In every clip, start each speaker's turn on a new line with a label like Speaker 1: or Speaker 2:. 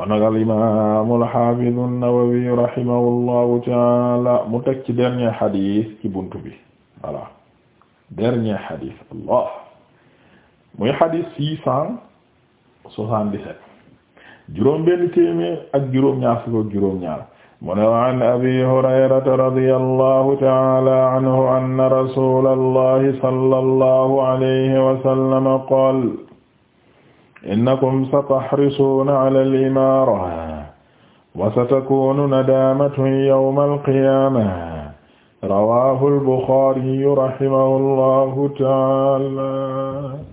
Speaker 1: kon nag al imaam al haafiz an-Nawawi rahimahullahu taala mu teg ci dernier xadis ci buntu bi voilà dernier xadis allah muy xadis six cent soixante-dix-sept juróom benn téeméer ak juróom-ñaar fukk ak juróom-ñaar mu ne wa an abi hurayrata radiyallahu taala anhu anna rasulallahi sallallahu alayhi wa sallam qaala innakum satahrisuuna ala al-imaara wa satakuunu nadaamatun yawma al-qiyaama rawaahu al-Buxaari rahimahullahu ta'aala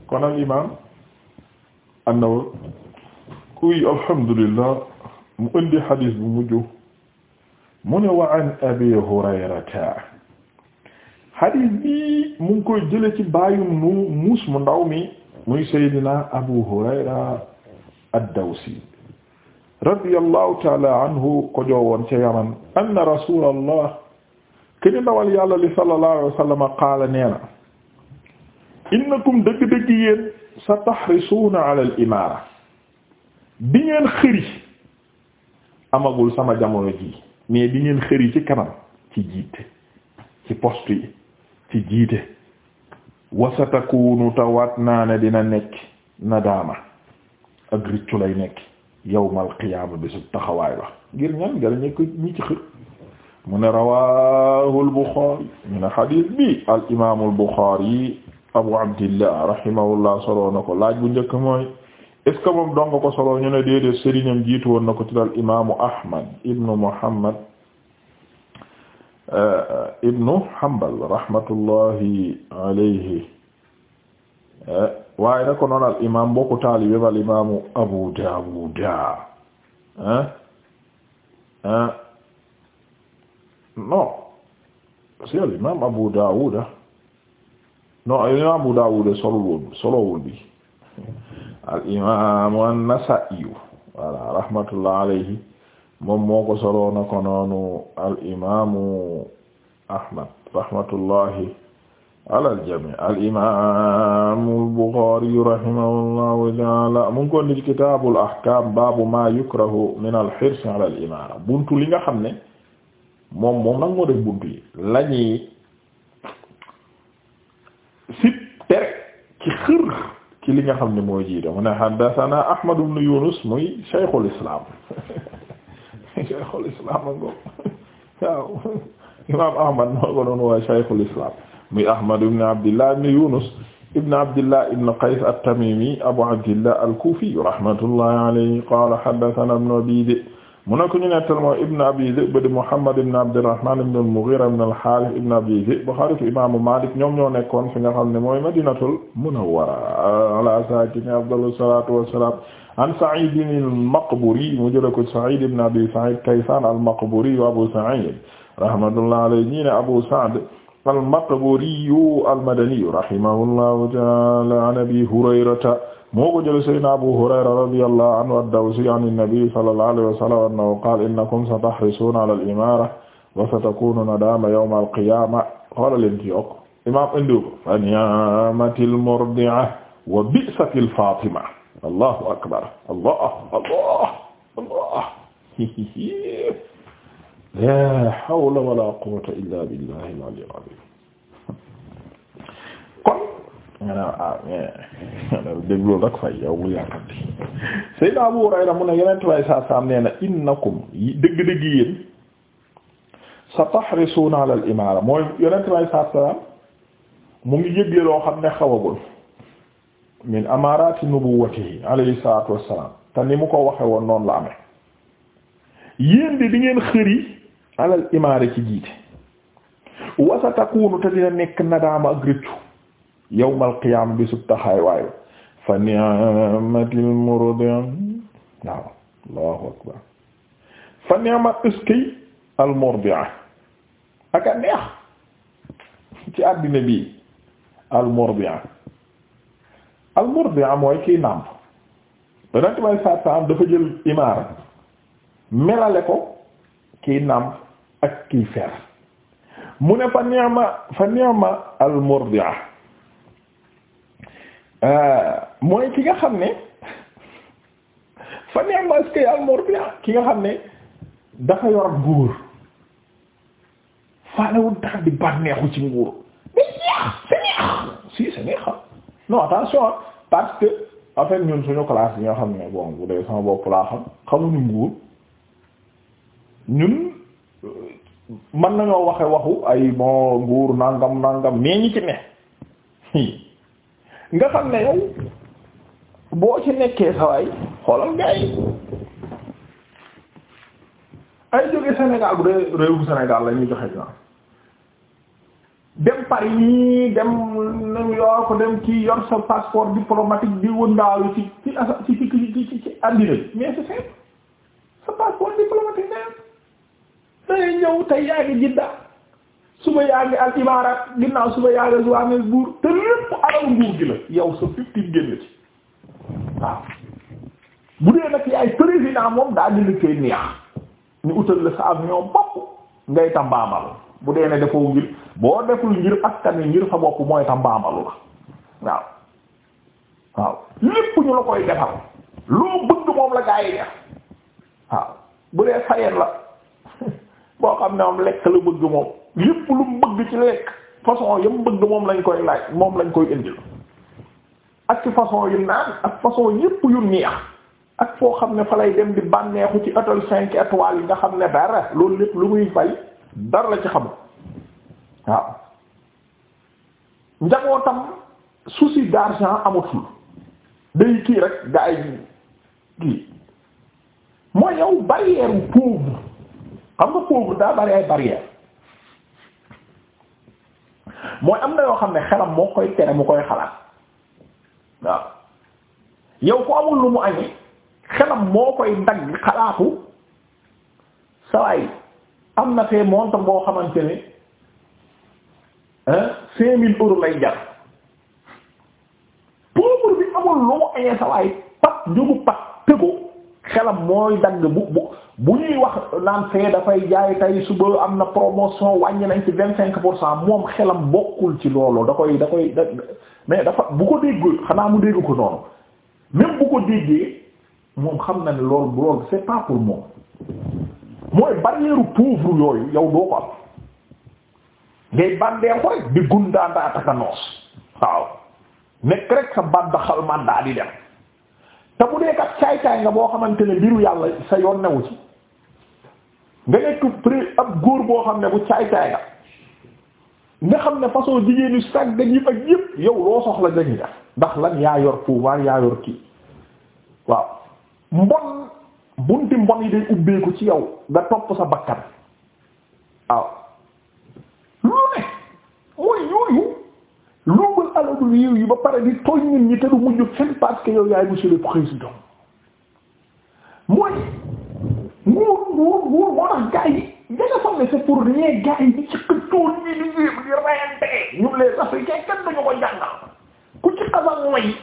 Speaker 1: kon al-imaam An-Nawawi kuy alhamdulillah mu indi hadiis bu mujj mu ne wa an Abii Hurayrata hadiis bi mu ngi koy jële ci baayu mu muus mu ndaw mi muy Seydina Abu Hurayra ad-Dawsi radiyallahu ta'ala anhu ko joowoon ca Yaman anna rasulallah keni ndawal yàlla li sallallahu alayhi wa sallam qaala neena innakum dëgg-dëgg yéen sa tahrisuuna ala al imaara di ngeen xëri amagul sama jamono ji mais di ngeen xëri ci kanam ci jiite ci poste yi ci jiite wasatakunu tawaat naa ne dina nekk nadaama ak riccu lay nekk yawmal qiyaama bisu taxawaay ba ngir ñan ngara ñi ko ñi ci xër mu ne rawahu al-Buxaari mu ne bi al imaamu al abu abdillah rahimahullah soloo na ko laaj bu njëkk mooy est-ce que moom donga ko soloo ñu ne déedéet sëriñam jiitu woon na ko ci al imaamu ahmad ibnu muhammad Eh, ibnu Hanbal rahmatullahi alayhi eh, waaye nag ko noon al imam bokku taalibe ba al eh, si al Abu Daawuda non Abu Daawuda solowul solowul bi al imaamu an rahmatullahi alayhi moom moo ko solo na ko noonu al imaamu Ahmad rahmatullahi alal jami al imaamu Bukhari rahimahullahu taala ko ndi kitaabul ahkaam baabu maa yukrahu min al hirs ala buntu li nga xam ne moom moom nag moo def buntu yi lañuy sib tere ci xër ci li nga xam ne mooy jiite mu ne haddathana Ahmad ibn Yunus muy shaykhul islam cheikhul islam ango waaw imam ahmad moo ko doon waaye cheikhul islam muy ahmad ibn abdillah ibn yunus ibn abdillah ibn qays at-tamimi abu abdillah al-kufi rahmatullahi alayhi qala haddathana ibn abi dhi'b mu ne ko ñu nettal moo ibn abi dhi'b di muhammad ibn abdirrahman ibn al-mughira ibn al-harith ibn abi dhi'b xaritu imamu malik ñoom ñoo nekkoon fi nga xam ne mooy madinatul munawwara ala saakini afdalu salatu wassalam an Sa'id al-Maqburi mu jëlee ko Sa'id ibn Abi Sa'id Kaysan al-Maqburi wa Abu Sa'id rahmatullahi alayhi ñi ne Abu Sa'd al-Maqburi al-Madani rahimahullahu ta'ala an Abi Hurayrata moo ko jëlee Sayyidina Abu Hurayra radiyallahu anhu ad-Dawsi an an-Nabi sallallahu alayhi wa sallam annahu qala innakum satahrisuna ala al-imara wa satakunu nadama yawm al-qiyama xoola leen ci yokk imam indiw fa ni'matil murdi'a wa bi'satil fatima allahu akbar allah allah allah la hawla wala quwwata illa billahi al-aliyyil azim kon nga ne ah déglu rek fay yow bu yàkkati Seydina Abu Hurayra mu ne yeneen tubaab yi saa saa am nee na innakum dëgg-dëgg yéen satahrisuuna ala al-imaara mooy yeneen tubaab yi saa saa mu ngi yëgle loo xam ne xawagul. min amarati nubuwwatihi alayhi salatu ni mu ko waxe woon noonu la amee yéen di di ngeen xëri alal imaare ci jiite wasa takunu te dina nekk nadaama ak rëccu yawmal qiyaama bisub taxaay waayu fa ni'matil murdi'a allahu akbar fa ni'mat uskay ak a ci àddina bi al almurdia mooy kii nàmp yonent may saat dafa jël imaara melale ko kii nàmp ak kii fer mu ne fa ni'ma fa ni'ma almurdia euh, mooy ki nga xam ne fa ni'ma est-ce que almurdia ki nga xam ne dafa yor nguur faalewul dara di bànneexu ci nguur mais neex c'est neex si neex non attention parce que en fait ñun suñu classe yi nga xam ne bon bu dee sama bopp laa xam xamuñu nguur ñun euh, mën nañoo waxe waxu ay moo nguur nangam nangam mais ñi ci ne nga xam ne yow boo ci nekkee sawaay xoolal nga ay ay jóge Sénégal bu dee réewu Sénégal la ñuy joxe dem Paris dem New York dem ci yor sa passeport diplomatique di wëndaalu ci ci ci bi mais c'est simple sa passeport diplomatique na dangay ñëw tey yaa ngi suba yaa ngi al ginnaaw suba yaa ngi Johannesburg te lépp alalu nguur gi la yow sa fifteen génn ci waaw bu dee nag yaay président moom daa dina koy neex ñu la sa avion bopp ngay tambaabal bu dee ne defoo ngir boo deful ngir askan wi ngir sa bopp mooy sa mbaamalu la waaw waaw lépp ñu la koy defal loo bëgg moom la gaa yi def waaw bu dee sayeen la boo xam ne moom lekk la bëgg moom lépp lu mu bëgg ci lekk façon yam bëgg moom lañ koy laaj moom lañ koy indil ak ci façon yu naan ak façon yépp yu neex ak foo xam ne fa lay dem di bànneexu ci hôtel cinq étoiles yi nga xam ne dara loolu lépp lu muy fay dara la ci xamul waaw njabootam souci d'argent amatul day kii rek gaa kii mooy yow barrière bu xam nga pauvre daa bari ay barrière mooy am na yoo xam ne xelam moo koy tere mu koy xalaat waaw yow ko amul lu mu añee xelam moo koy ndagg xalaatu sawaay am na fee montre boo xamante ne ah cinq mille euros lay jar pauvre bi amul lu mu añee sa waay pat njëgu pat tëgo xelam mooy dagg bu bu bu ñuy wax naan fee dafay jaay tey suba am na promotion wàññi nañ ci vingt cinq pour cent moom xelam bokkul ci loolu da koy da koy da mais dafa bu ko dégg xanaa mu dégg ko noonu même bu ko déggee moom xam na ne loolu loolu c'est pas pour moom mooy barrière pauvre yooyu yow doo ko am ngay bàndeexu rek di gundaandaa taka noos waaw nekk rek sa bàndaxal mandaa di dem te bu dee kat caay-caay nga boo xamante ne biiru yàlla sa yoon newu ci nga nekk pré ab góor boo xam ne bu caay-caay nga nga xam ne façon jigéen ñi sàgg dañuy ak yëpp yow loo soxla dañuy def ndax lan yaa yor pouvoir yaa kii waaw mbon bunti mbon yi day ubbeeku ci yow nga topp sa bakkan waaw lu ne mooy yooyu luubal aladul yi ba pare di tooñ te du mujj fenn parce que yow yaay monsieur le président mooy nguur nguur nguur moo tax gaa yi danga foog ne c'est pour rien gaa yi di ci këttool ñi di yépp di rayante ñu les africains kenn dañu ko jàngal ku ci xasal mooy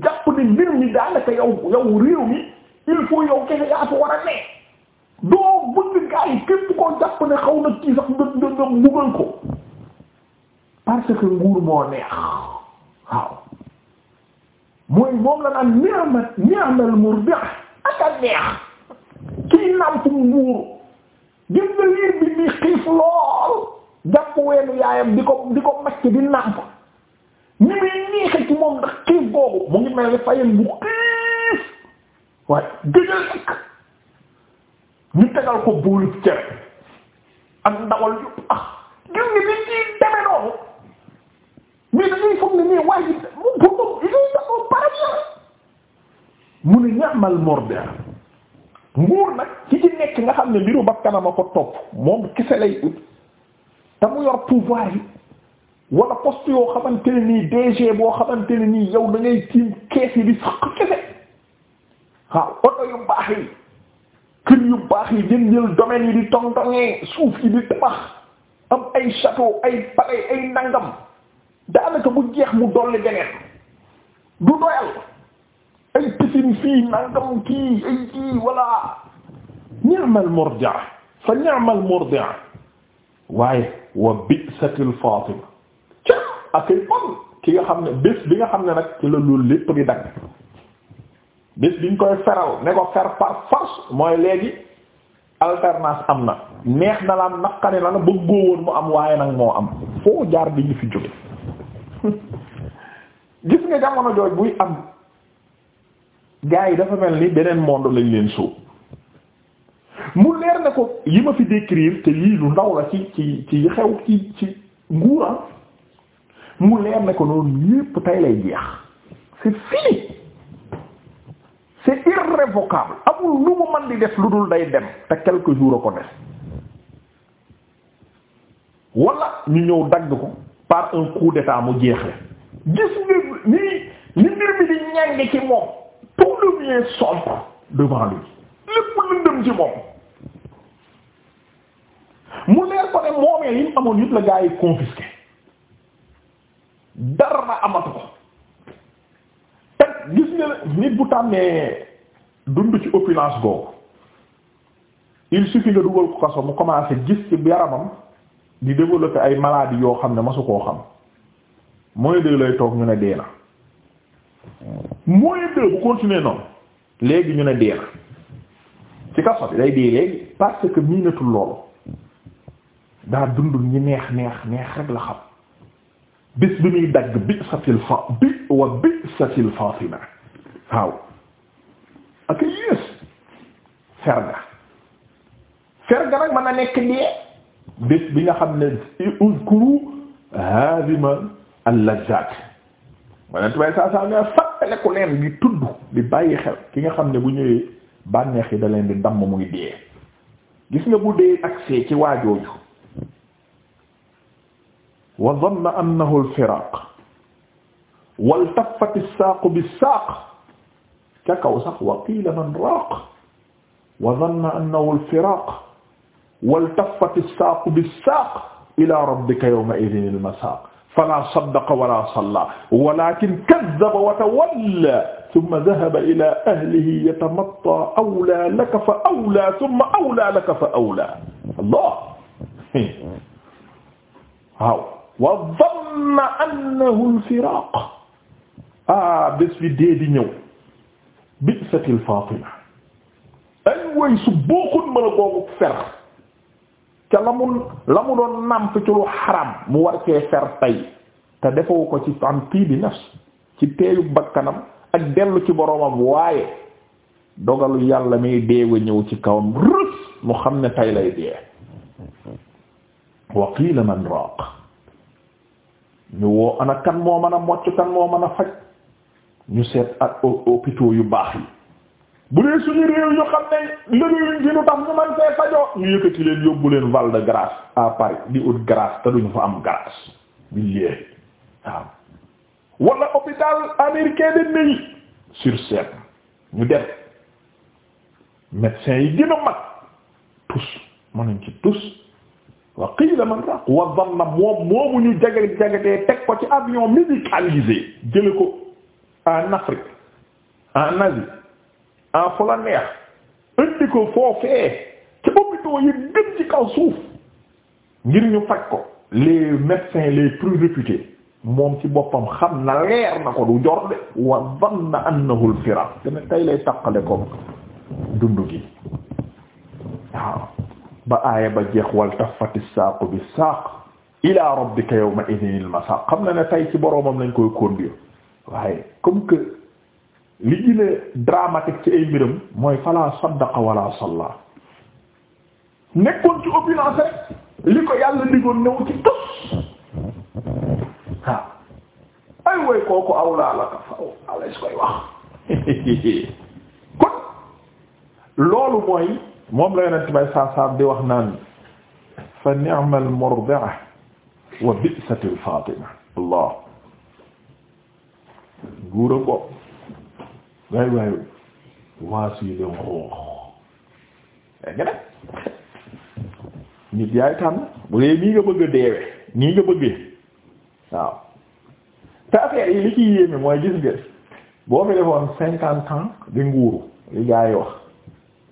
Speaker 1: jàpp ne mbir mi daanaka yow yow réew mi il faut yow kese yaa fi war a ne doo bëgg gaa yi képp ne xaw na kii sax ndëg ndëg ndëg buggal ko parce que nguur moo neex waaw mooy moom la naan ni'mat ni'mal murdi'a ak a neex kii nàmp nguur gis nga liir bi di xiif lool jàpp weenu yaayam di ko di ko macc di nàmp ñi muy neexe ci moom ndax xiif googu mu ngi mel ni waaye gëjal lekk ñu tegal ko buurub cere ak ndawal yu ah gis nga nit ñi demee noonu mu ne ñamal morder nguur nag ci ci nekk nga xam ne mbiru bakkanam a ko topp moom kese lay ut te mu yor pouvoir yi wala poste yoo xamante nii DG boo xamante ne nii yow da ngay tiim kees yi di sax kese. waaw oto yu baax yi kër yu baax yi jën jël domaine yi di tongtongee suuf yi di tabax am ay château ay palais ay nangam daanaka bu jeex mu dolli beneen du doyal ay piscine fii nangam ki ay kii walla ni'mal murdi'a fa ni'mal murdi'a waaye wa bi'satil fatima ca ak ay bon ki nga xam ne bés bi nga xam ne nag la lu lépp di dagg bés biñ koy feral ne ko fer par force mooy léegi alternance am na neex na la naqari na la bëggoo woon mu am waaye nag moo am foo jaar bi ñu fi jóge gis nga jamono jooj buy am gars yi dafa mel ni beneen monde lañ leen sóob mu leer na ko yi ma fi décrire te lii lu ndaw la ci ci ci xew ci ci nguuram ah. mu leer na ko noonu yépp tey lay jeex c'est fini irrévocable amul lu mu mën di def lu dul day dem te quelques jours a ko def wala ñu ñëw dagg ko par un coup d'état mu jeexle gis nga ni ni mbir mi ci moom tout devient sombre devant lui lépp lëndëm ci moom mu leer ko ne moomee yi mu amoon yëpp la gaa yi confisqué dara na amatu ko te gis nga nit bu tàmmee dund ci opulence googu il suffit nga dugal ko kaso mu commencé gis ci yaramam di développer ay maladies yoo xam ne masu koo xam mooy dëgg lay toog ñu ne dee na mooy dëgg bu continuer noonu léegi ñu ne dee na ci kaso bi day dee léegi parce que miinatul loolu daa dundul ñi neex neex neex rek la xam bis bi muy dagg bi satil fa bi wa bi satil fatima waaw ferga ferga nag mën na nekk dee bi nga xam ne uzkuru hazima al-lazzat manent way saa saa ne fàttaleku leen di tudd di bàyyi xel ki nga xam ne bu ñëwee bànneex yi da leen di damm mu ngi gis nga bu dee see ci waajooju wa dhanna annahu al-firaq waltaffati as-saaqu bis-saaq ca kaw sax man raaq wa dhanna annahu al-firaaq waltaffati as-saaqu bis-saaq ilaa rabbika yawma'idhin al-masaaq falaa saddaqa walaa sallaa walaakin kazzaba wa tawallaa thumma dhahaba ilaa ahlihi yatamattaa awlaa laka fa awlaa thumma awlaa laka fa awlaa Allah waaw wa dhanna annahu al-firaaq ah bés bi dee di ñëw bi'sati al-faatima ay way su bokkut mën a googu fer ca la mu la mu doon nàmp ci lu xaram mu war cee fer tey te defewu ko ci am tii bi nafs ci teeyu bakkanam ak dellu ci boroomam waaye dogalu yàlla miy deewe ñëw ci kawam rës mu xam ne tey lay dee wa qiila man ñu woo ana kan moo mën a mocc kan moo mën a faj ñu seet ak hôpitaux yu baax yi bu dee suñu réew ñu xam ne lëgéeyuñ ci lu tax ñu man leen yóbbu leen Val de Grâce à Paris di ut grâce te duñu fa am grâce bilieey waaw hôpital américain de Neuilly sur Seine dem médecin yi gën a mag tous mënuñ ci tous wa qiila man raq wa dhanna moom moomu ñu jagat-jagatee teg ko ci avion médicalisé jële ko en Afrique en Asie en ah, fu la neex indi ko foofee ci hôpitaux gën ci kaw suuf ngir ñu faj ko les médecins les plus réputés moom ci boppam xam na leer na ko du jor de wa dhanna annahu al-firaq dana tey lay taqale ko dund gi waaw ba aaya ba jeex wal taffati saaqu bi saaq ila rabbika yawma idhin ma masaq xam na ne tey ci boroomam lañ koy conduire waaye comme que li gën a ci ay mbiram mooy fala saddaqa wala salla nekkoon ci opulence rek li ko yàlla digoon newu ci tos waaw ay way kooku awlaa la ka faw alees koy wax kon loolu mooy moom la yonent bay saasaam di wax naan fa ni'mal murdi'a wa bi'satil fatima allah nguura bopp waay waay voici le ruux dégg nga nit yaay tànn bu dee nii nga bëgg deewe nii nga bëggee waaw te affaire yi li ciy yéeme mooy gis nga boo fi defoon cinquante ans di nguuru li gaa yi wax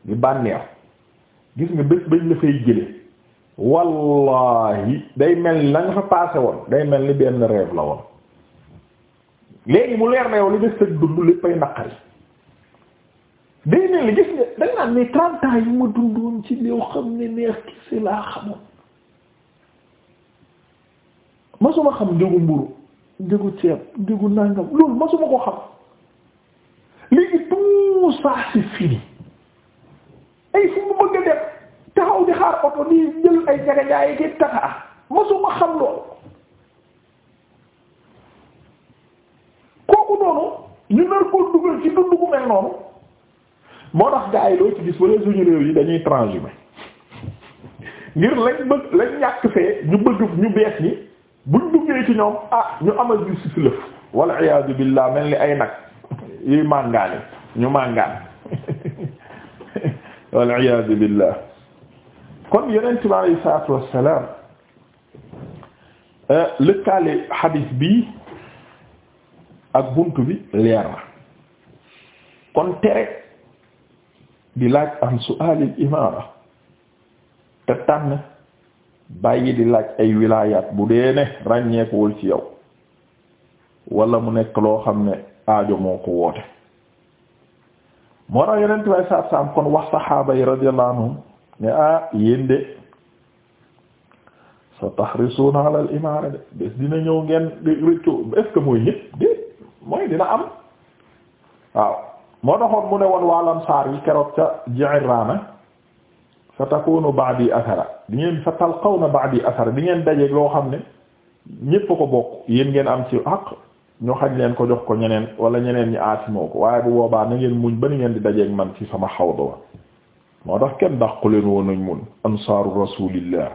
Speaker 1: di bànneew gis nga bés bañ la fay jële wallahi day mel la nga fa passé woon day mel ni benn rêve la woon léegi mu leer na yow li des sëg dund léppay naqari day ne gis nga da nga naan yu ma dundoon ci yow xam ne neex kese laa xamoon masuma xam njëgu mburu njëgu ceeb njëgu nàngam loolu masuma ko xam léegi tout ça c'est fini ay fu mu bëgg def taxaw di xaar oto di jël ay jagajaay ki taxa masuma xam loolu kooku noonu ñu nar koo dugal ci dund gu mel noonu moo tax gaa yi loo ci gis wala suñu réew yi dañuy transhumé ngir lañ bëgg lañ ñàkk fee ñu bëgg ñu bees ñi buñ duggee ci ñoom ah ñu amal bi si si lëf walla iyaadu billaah mel ni ay nag yuy màngaani ñu màngaan walla iyaadu billaah kon yeneen bi aleyhi wassalaam euh, lëkkaale xadiis bii ak bunt bi leer na kon tere di laaj am su'aalil imaara te tànn bàyyi di laaj ay wilaayaat bu dee ne ràññeekuwul ci yow wala mu nekk loo xam ne aajo moo ko woote moo tax yeneen way saat saam kon wax saxaaba yi radiyallahu anhum ne ah yéen de sa tahrisuuna ala al imaara de bés dina ñëw ngeen di rëccu est mooy ñëpp mooy dina am waaw moo taxoon mu ne woon waa lansaar yi keroog ca Ji'irraana sa takuunu ba'di athara di ngeen sa talqawna ba'di athara di ngeen dajeeg loo xam ne ñépp ko bokk yéen ngeen am ci àq ñu xañ leen ko jox ko ñeneen wala ñeneen ñi aatimoo ko waaye bu boobaa na ngeen muñ ba ni ngeen di dajeeg man ci sama xawdu wa moo tax kenn dàqu leen woon nañ mun ansaaru rasulillah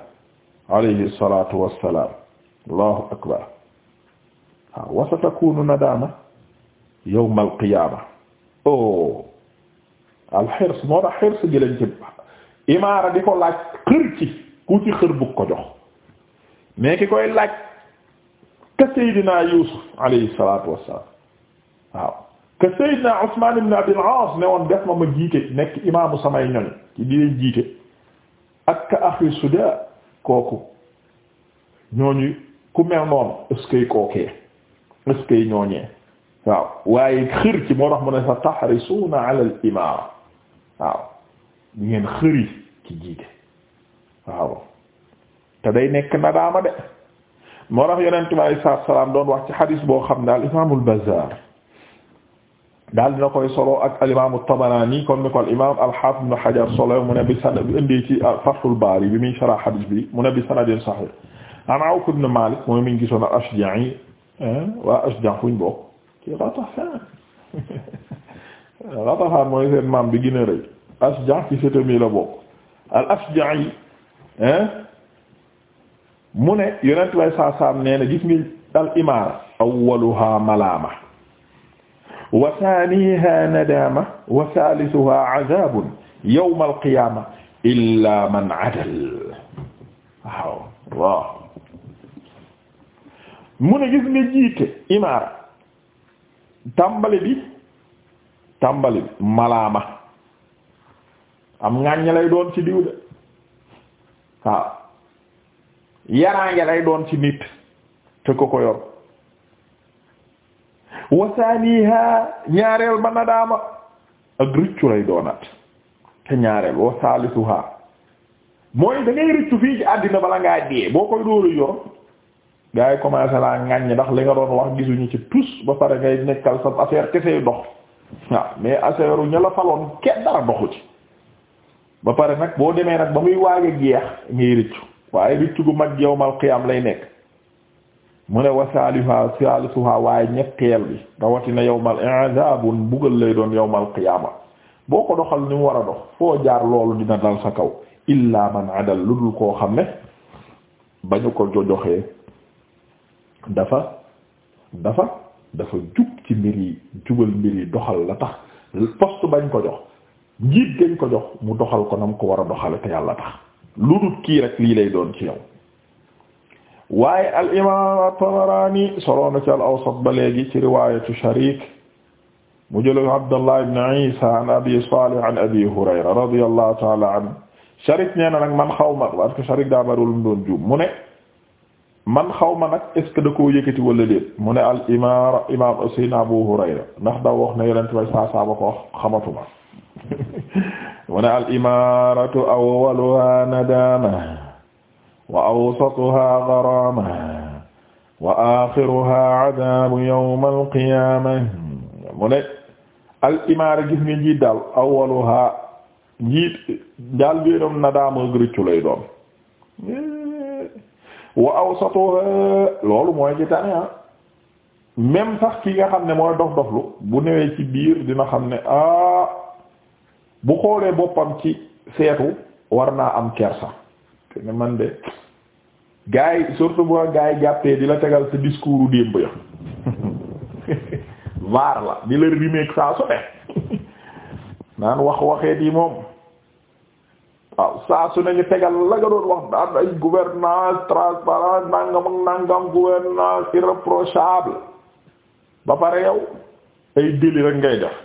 Speaker 1: alayhi salatu wassalaam allahu akbar waaw wa sa takuunu nadaama yawmal qiyaama oh alxirs moo tax xirs gi lañ ci imaara di ko laaj xër ci ku ci xër bu ko jox mais ki koy laaj ka Seydina Yuusuf alayhi salaatu wassalaam waaw ka Seydina Usmaan ibn Abil Aas ne woon def ma ma jiite nekk imaamu samay ñoñ ci di leen jiite ak ka axi Sudaa kooku ñooñu ku mel noonu est kookee est ñooñee waaw waaye xër ci moo tax mu ne sa taxrisuuna ala al imaara waaw di ngeen xëri ci jiite waaw te day nekk nadaama de moo tax yonent bi alayhi salaam doon wax xadis boo xam ne al imaamul Bazzaar daal dina solo ak al imaamu Tabaraani comme ni ko al imaam al haafiz ibn Hajar solo mu ne bi sanad bi indi ci Fathul Baari bi muy sarh xadis bi mu ne bi sanadin sahiih an mi ngi gisoon al Ashja'i waa Ashja' fuñ bokk. ci Ghatafan mooy seen maam bi gën a Asja ci sëtam yi la bokk al Asja yi mu ne yonent bay saasaam nee na gis al imaara awwaluha malaama wa thaniha nadama wa thalithuha adhabun yawm al qiyama man adal waaw mu ne gis jiite imaara tàmbali bi tàmbali bi malaama am ŋàññ lay doon ci diw de waaw yaraange lay doon ci nit te ko ko yor wasaaniha ñaareel ba nadaama ak rëccu lay doonaat te ñaareel wa salisuha mooy da ngay fii ci àddina bala ngaa dee boo koy dóoru yor gars yi commencé laa ŋaññi ndax li nga doon wax gisuñu ci tous ba pare ngay nekkal sa affaire kese dox waaw mais affaire ña la faloon kenn dara doxu ba pare nag boo demee nag ba muy waaj a ngay rëccu waaye rëccu gu mag yawmal qiyaam lay nekk mu ne wax wa saaliha saalisuha waaye ñetteel bi rawatina yawmal i'zaabun bugal lay doon yawmal qiyaama boo ko doxal ni mu war a dox foo jaar loolu dina dal sa kaw illaa man adal lu dul koo xam ne ba ko dafa dafa dafa jub ci mbir yi jubal mbir doxal la tax poste bañ ko jox njiit gañ ko jox mu doxal ko nam ko war a doxale te yàlla tax lu dul kii rek lii lay doon ci yow waaye al imaam at-Tabarani soloon ci al-Awsat ba léegi ci riwaayatu Sharik mu jël Abdallah ibn Isa an Abi Salih an Abi Hurayra radiyallahu ta'ala anhu Sharik nee na nag man xaw ma parce que Sharik daa bariwul mu doon juum mu ne man xaw ma nag est ce que da koo mu ne al imaara imaam Seydina Abu Hurayra ndax da wax ne yonent bay saa ba ko xamatuma mu ne al imaaratu awwaluha nadama wa awsatuha gharama wa axiruha adabu yawm al qiyama al imaara gis nga njiit daal awwaluha njiit njaal beenam nadaama ak rëccu lay doon wa awsatuha loolu mooy ci tane ah sax ki nga xam ne mooy dof doflu bu newee ci biir dina xam ne ah bu xoolee boppam ci seetu war naa am kersa te ne man de gaa yi surtout bu gaa jàppee di la tegal sa discours démb ya vaar la di la rimeek saa su naan wax waxeet yi moom waaw saa su ne ñu tegal la nga doon wax daan ay gouvernance transparent nangam ak gouvernance irréprochable ba pare yow ay délits rek ngay def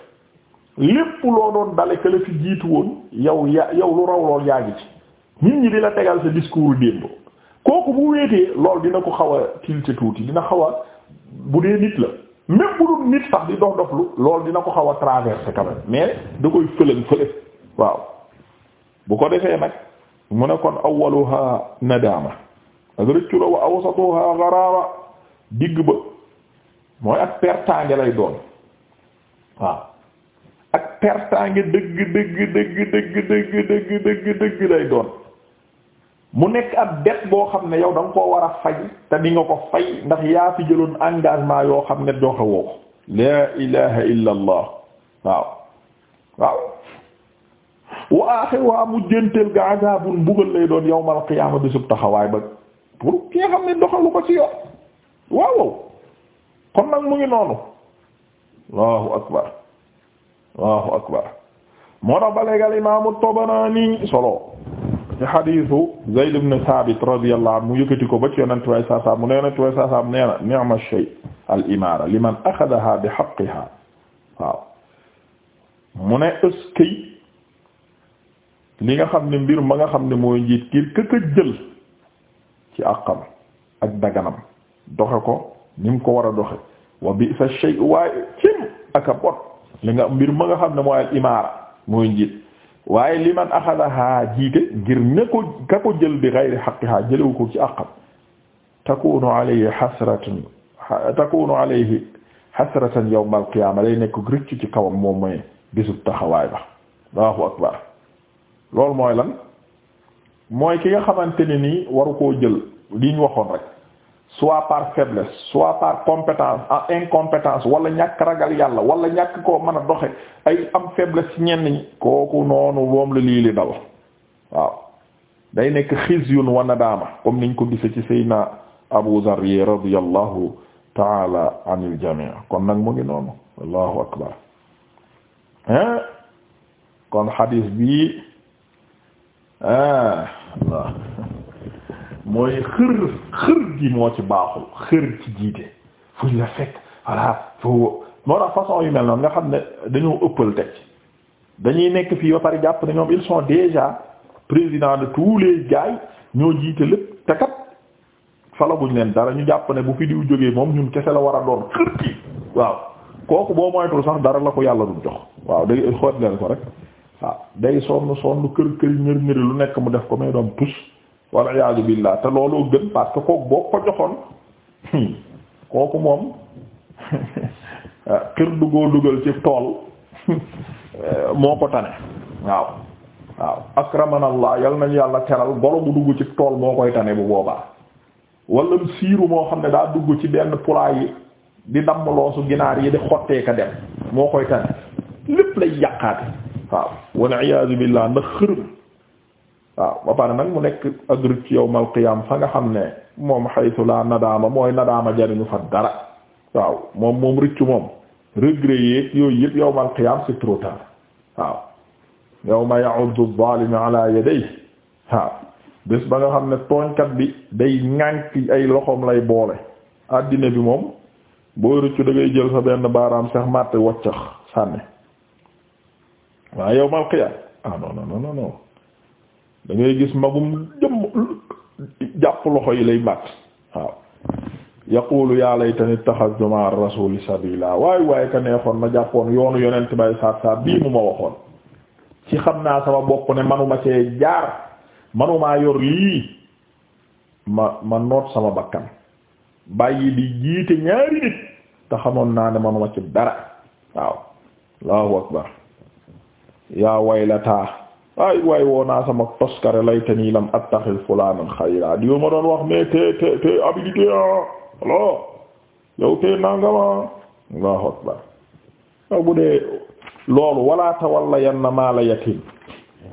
Speaker 1: lépp loo doon dale que la jiitu woon yow ya yow lu raw lool yaa ci nit ñi di tegal sa discours démb kooku bu wéetee lool dina ko xaw a tilté tuuti dina xaw a bu dee nit la même bu dul nit sax di dox doxlu lool dina ko xaw a traversé quand même mais da koy fële fële waaw. bu ko defee nag mu ne kon awwaluha nadaama ak rëccu la wa awsatuha gharama digg ba mooy ak pertange lay doon waaw ak pertange dëgg dëgg dëgg dëgg dëgg dëgg dëgg dëgg lay doon mu nekk ab dette boo xam ne yow da ko war a fay te di nga ko fay ndax yaa fi jëloon engagement yoo xam ne joxe woo ko laa ilaha illa waaw waaw wa axiruha mujjanteel ga azabun bugal lay doon yawmal qiyaama bisub taxawaay ba pour ki nga xam ne doxalu ko ci yoon waaw kon nag mu ngi noonu allahu akbar allahu akbar moo tax ba léegal imaamu Tabarani solo ci xadiisu Zayd ibn Thabit radiyallahu anhu mu yëkkati ko ba ci yonent way saa saa mu ne yonent way saa saa mu nee na ni'ma shay al imaara liman axadaha bi haqqiha waaw mu ne ëskay li nga xam ne mbir ma nga xam ne mooy njiit ngir këka jël ci àqam ak daganam doxe ko ni mu ko war a doxe wa bi sa shay waaye cim aka bot li nga mbir ma nga xam ne mooy al imaara mooy njiit waaye li man axadahaa jiite ngir ne ko ka ko jël bi gayri xaqihaa jëlewu ko ci àqam takunu alayhi hasratun takunu alayhi hasratan yawm al qiyaama day nekk rëccu ci kawam moom mooy bisub taxawaay ba Allahu akbar loolu mooy lan mooy ki nga xamante ne nii waru koo jël li ñu waxoon rek soit par faiblesse soit par compétence ah incompétence wala ñàkk ragal yàlla wala ñàkk koo mën a doxe ay am faiblesse ci ñenn ñi kooku noonu moom la lii li dal waaw day nekk xizyun wa nadaama comme niñ ko gisee ci sayna Abu Zarr radiyallahu taala anil jamii kon nag mu ngi noonu allahu akbar hein kon xadiis bi ah waaw mooy xër xër gi moo ci baaxul xër ci jiite fu la fekk voilà foo moo tax façon yu mel noonu nga xam ne dañoo ëppal teg dañuy nekk fii ba pare jàpp ne ñoom ils sont déjà président de tous les gars ñoo jiite lépp te falaguñ leen dara ñu jàpp ne bu fi diw jógee moom ñun kese la war a doon xër gi waaw kooku boo moytul sax dara la ko yàlla du jox waaw day xool leen ko rek. waaw ah, day sonn sonn kër kër ñër ñëri lu nekk mu def ko may doom tus walla iyaazu billaah te looloo gën parce que kooku boo ko joxoon kooku moom ah, kër duggoo dugal ci tool moo ko tane waaw waaw akramanallah yal nañu yàlla teral golo bu dugg ci tool moo koy tane bu boobaa wala siiru moo xam ne daa dugg ci benn pulaa yi di damm loosu ginaar yi di xottee ka dem moo koy tane lépp lay yàqaate waaw wal iyaazu billaah ndax xërëm waaw ba pare nag mu nekk ak yow yawmal qiyaam fa nga xam ne moom xaytu laa nadaama mooy nadaama jariñu fa dara waaw moom moom rëcc moom regret yéeg yooyu yëpp yawmal qiyaam c'est trop tard waaw yawma ya'uddu adh-dhalimu ala yadayhi waaw bés ba nga xam ne tooñkat bi day ŋànk ay loxoom lay boole àddina bi moom boo rëccu da ngay jël sa benn baaraam sax màtte waccax sànni waa yawmal qiyaam ah gis magum jëm jàpp loxo yi lay mat waaw yaqulu yaa laytani ittaxaztu ma'a rasuuli sabiila waay waay ka neexoon ma jàppoon yoonu yonent bay saat saat bii mu ma waxoon ci xam naa sama bopp ne manuma see jaar manumaa yor lii ma ma noot sama bakkan bàyyi di jiite ñaari nit te xamoon naa ne manuma ci dara waaw allahu akbar yaa waylataa ay waay woo naa sama toskare laytani lam attaxil fulaanan xayra di ma doon wax mais te te te habilité a ah. lo yow te nangama ah. allahu akbar yow bu dee loolu wala tawalla yanna maala yatim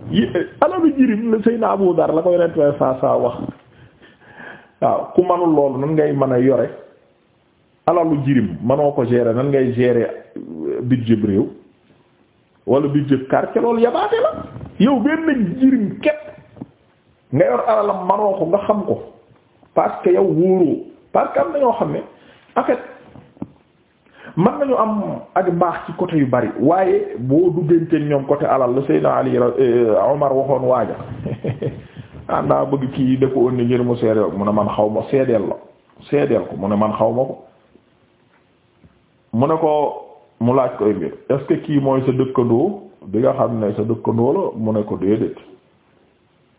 Speaker 1: yi alalu jirim sëy na Abu Dar la ko yeneen twe saa saa wax waaw ku manul loolu nan ngay mën a yore alalu jirim manoo ko gérer nan ngay gérer euh, budget réew wala budget quartier loolu yabaate la yow benn jirim képp nga yor alalam manoo ko nga xam ko parce que yow wóoroo parce que am na ñoo xam ne en fait nañu am ak mbaax ci côté yu bari waaye boo duggante ñoom côté alal la Seydina Ali eh, Omar waxoon waaja ah naa bëgg kii da ko ëndi ngir mu mu ne man xaw ma seedeel la seedeel ko mu ne man xaw ma ko mu ne ko. mu laaj koy mbir est-ce que kii mooy sa dëkkandoo bi nga xam ne sa dëkkandoo la mu ne ko déedéet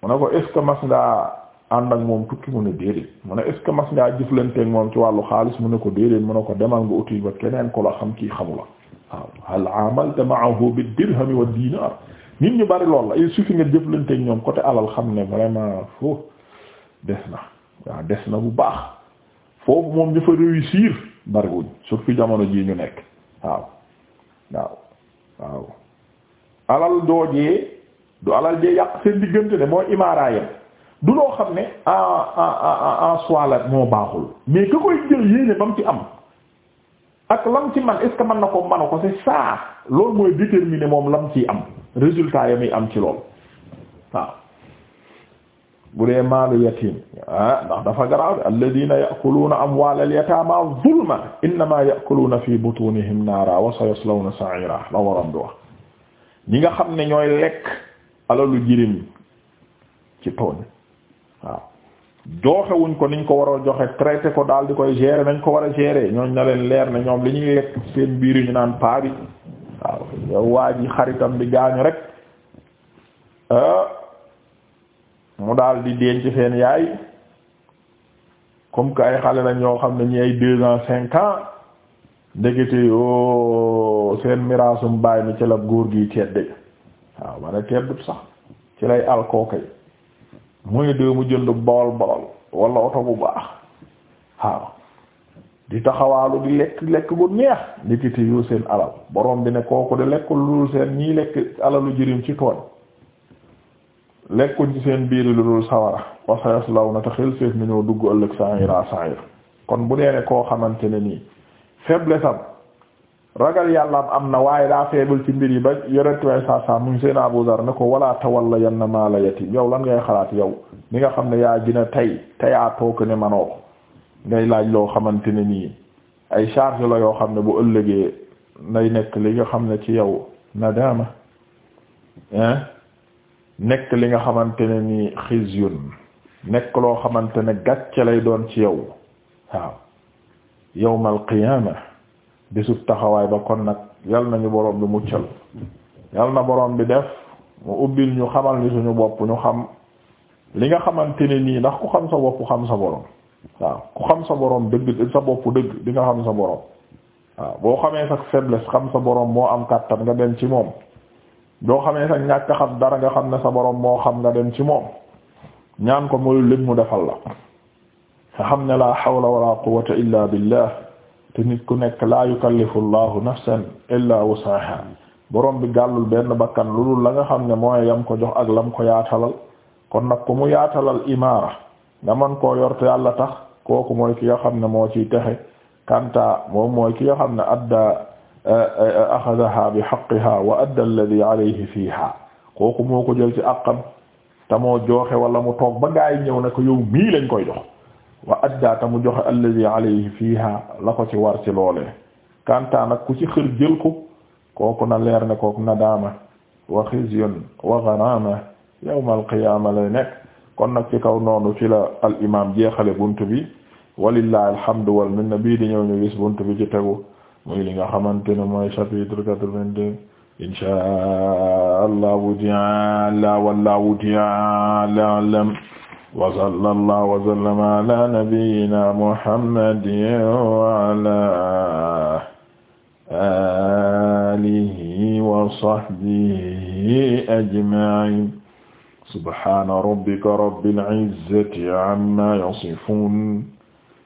Speaker 1: mu ne ko est-ce que mas ngaa ànd ak moom tukki mu ne déedéet mu ne est-ce que mas ngaa jëflanteeg moom ci wàllu xaalis mu ne ko déedéet mu ne ko demal nga uti ba keneen ko la xam kii xamu la waaw hal amalta ma'ahu bi dirham wa dinar nit ñu bari lool la il suffit nga jëflanteeg ñoom côté alal xam ne vraiment foofu des na waaw des na bu baax foofu moom ñu fa réussir jamono jii ñu nekk waaw waaw alal joojee du alal jee yàq seen diggante ne mooy imaara du loo xam ne en en soi la moo baaxul mais ka koy jël yéene ba mu ci am ak lam ci man est ce mën na ko mën ko c'est ça loolu mooy déterminer moom lam ci am résultat ya muy am ci lool waaw bu dee maalu yatim ah ndax dafa garaaw alladina ya'kuluna amwal al-yatama zulman innama ya'kuluna fi butunihim naara sa sayaslawna sa'ira la waram bi wax ñi nga xam ne ñooy lekk alalu jirim ci tooñ waaw joxewuñ ko niñ ko war joxe traité ko daal di koy gérer nañ ko war a gérer ñooñ na leen leer ne ñoom li ñuy lekk seen biir ñu naan paa bi waaw yow waa xaritam bi gaañu rek ah, mu daal di denc seen yaay comme que ay xale la ñoo xam ne ñi ay deux ans cinq ans ndekete yoo oh, seen miraasum baay mi ci góor gi tedde waaw wala teddut sax ci lay alkooka yi muy dee mu jënd bool bolol wala oto bu baax waaw di taxawaalu di lekk lekk bu neex ndekete yoo seen alal borom bi ne kooku di lekk lu seen ñii lekk alalu jirim ci tooñ lekkuñ ci seen biir lu dul sawara wa sayaslawna te xel seef nañoo dugg ëllëg sa'ira sa'ir kon bu dee koo xamante ne nii faiblesse am ragal yàlla am na waaye daa faible ci mbir yi ba yoretway sasa mu ngi seen Abu Zar ne ko wala tawalla yanna maa la yatim yow lan ngay xalaat yow ni nga xam ne yaa gina tey tayaa took ne manoo ko ngay laaj loo xamante ne nii ay charge la yoo xam ne bu ëllëgee nay nekk li nga xam ne ci yow nadama hein nekk li nga xamante ne nii ni xizyun nekk loo xamante ne gàcce lay doon ci yow waaw yawmal qiyaama bésub taxawaay ba kon nag yal nañu boroom bi muccal yal na boroom bi def mu ubbil ñu xamal ni suñu bopp ñu xam li nga xamante ne nii ndax ku xam sa bopp xam sa borom waaw ku xam sa boroom dëgg sa bopp dëgg di nga xam sa borom waaw boo xamee sax faiblesse xam sa borom moo am kàttan nga dem ci moom doo xamee sax ñàkk xam dara nga xam ne sa borom moo xam nga dem ci moom ñaan ko mooy lépp mu defal la xam ne la xawla wala quwwata illa billah te nit ku nekk la yukallifu llahu nafsan illa wusaha borom bi gàllul benn bakkan lu dul la nga xam ne mooy yam ko jox ak lam ko yaatalal kon nag ku mu yaatalal imaara nga man ko yor yàlla tax kooku mooy ki nga xam ne moo ciy texe kanta moom mooy ki nga xam ne adda axadaha bi xaqiha wa adda alladi alayhi fiiha kooku moo ko jël ci àqam te moo joxe wala mu toog ba gaa yi ñëw ne ko lañ koy jox wa adda te mu joxe alladi alayhi fiiha la ko ci war ci loolee kanta ak ku ci xër jël kooku na leer ne kooku nadaama wa xizyun wa ganaama yawmal qiyaama lay nekk kon nag ci kaw noonu ci la al imaam jeexale bunt bi walillahi alhamdu wal minna bii di ñëw ñu gis bi ci tegu muy li nga xamante ne mooy chapitre quatre-vingt-deux inshaa allahu ta'ala wallahu ta'ala a'lam wa sallallahu wa sallama ala nabiyyina muhammadin wa ala alihi wa sahbihi ajma'in subhana rabbika rabbil izzati amma yasifun